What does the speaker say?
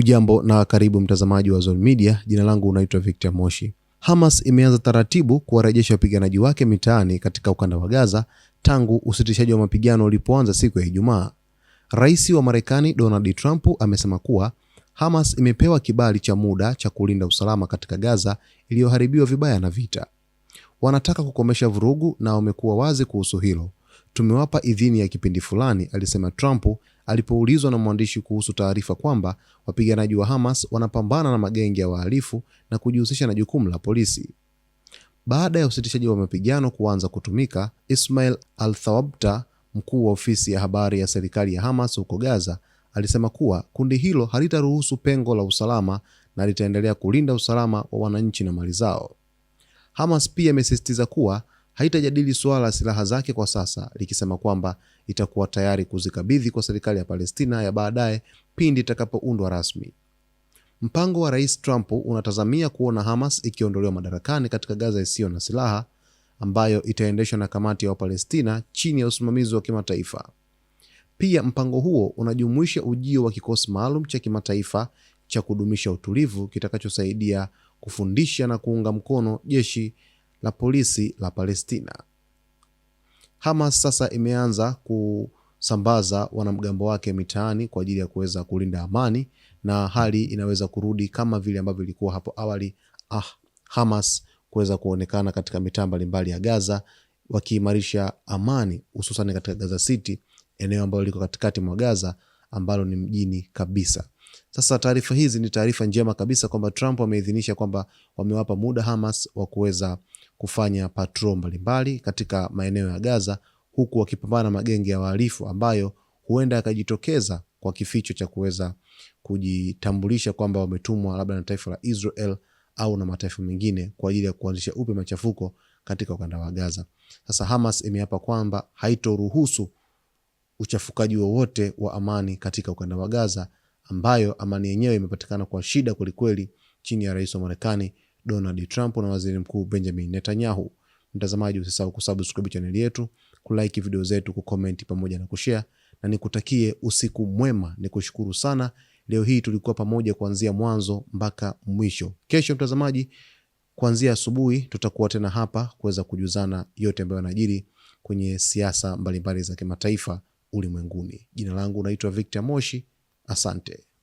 Hujambo na karibu mtazamaji wa Zone Media. Jina langu unaitwa Victor Moshi. Hamas imeanza taratibu kuwarejesha wapiganaji wake mitaani katika ukanda wa Gaza tangu usitishaji wa mapigano ulipoanza siku ya Ijumaa. Rais wa Marekani Donald Trump amesema kuwa Hamas imepewa kibali cha muda cha kulinda usalama katika Gaza iliyoharibiwa vibaya na vita. Wanataka kukomesha vurugu na wamekuwa wazi kuhusu hilo. Tumewapa idhini ya kipindi fulani, alisema Trump alipoulizwa na mwandishi kuhusu taarifa kwamba wapiganaji wa Hamas wanapambana na magenge ya wahalifu na kujihusisha na jukumu la polisi. Baada ya usitishaji wa mapigano kuanza kutumika, Ismail Al-Thawabta, mkuu wa ofisi ya habari ya serikali ya Hamas huko Gaza, alisema kuwa kundi hilo halitaruhusu pengo la usalama na litaendelea kulinda usalama wa wananchi na mali zao. Hamas pia imesisitiza kuwa haitajadili suala la silaha zake kwa sasa, likisema kwamba itakuwa tayari kuzikabidhi kwa serikali ya Palestina ya baadaye pindi itakapoundwa rasmi. Mpango wa Rais Trump unatazamia kuona Hamas ikiondolewa madarakani katika Gaza isiyo na silaha ambayo itaendeshwa na kamati ya Wapalestina chini ya usimamizi wa kimataifa. Pia mpango huo unajumuisha ujio wa kikosi maalum cha kimataifa cha kudumisha utulivu kitakachosaidia kufundisha na kuunga mkono jeshi la polisi la Palestina. Hamas sasa imeanza kusambaza wanamgambo wake mitaani kwa ajili ya kuweza kulinda amani na hali inaweza kurudi kama vile ambavyo ilikuwa hapo awali. Ah, Hamas kuweza kuonekana katika mitaa mbalimbali ya Gaza wakiimarisha amani hususan katika Gaza City, eneo ambalo liko katikati mwa Gaza ambalo ni mjini kabisa. Sasa taarifa hizi ni taarifa njema kabisa kwamba Trump ameidhinisha kwamba wamewapa muda Hamas wa kuweza kufanya patrol mbalimbali katika maeneo ya Gaza, huku wakipambana magenge ya wahalifu ambayo huenda yakajitokeza kwa kificho cha kuweza kujitambulisha kwamba wametumwa labda na taifa la Israel au na mataifa mengine kwa ajili ya kuanzisha upya machafuko katika ukanda wa Gaza. Sasa Hamas imeapa kwamba haitoruhusu uchafukaji wowote wa, wa amani katika ukanda wa Gaza ambayo amani yenyewe imepatikana kwa shida kwelikweli chini ya rais wa Marekani Donald Trump na waziri mkuu Benjamin Netanyahu. Mtazamaji, usisahau kusubscribe chaneli yetu, kulike video zetu, kukomenti pamoja na kushare, na nikutakie usiku mwema. Nikushukuru sana, leo hii tulikuwa pamoja kuanzia mwanzo mpaka mwisho. Kesho mtazamaji, kuanzia asubuhi tutakuwa tena hapa kuweza kujuzana yote ambayo yanajiri kwenye siasa mbalimbali za kimataifa ulimwenguni. Jina langu naitwa Victor Moshi. Asante.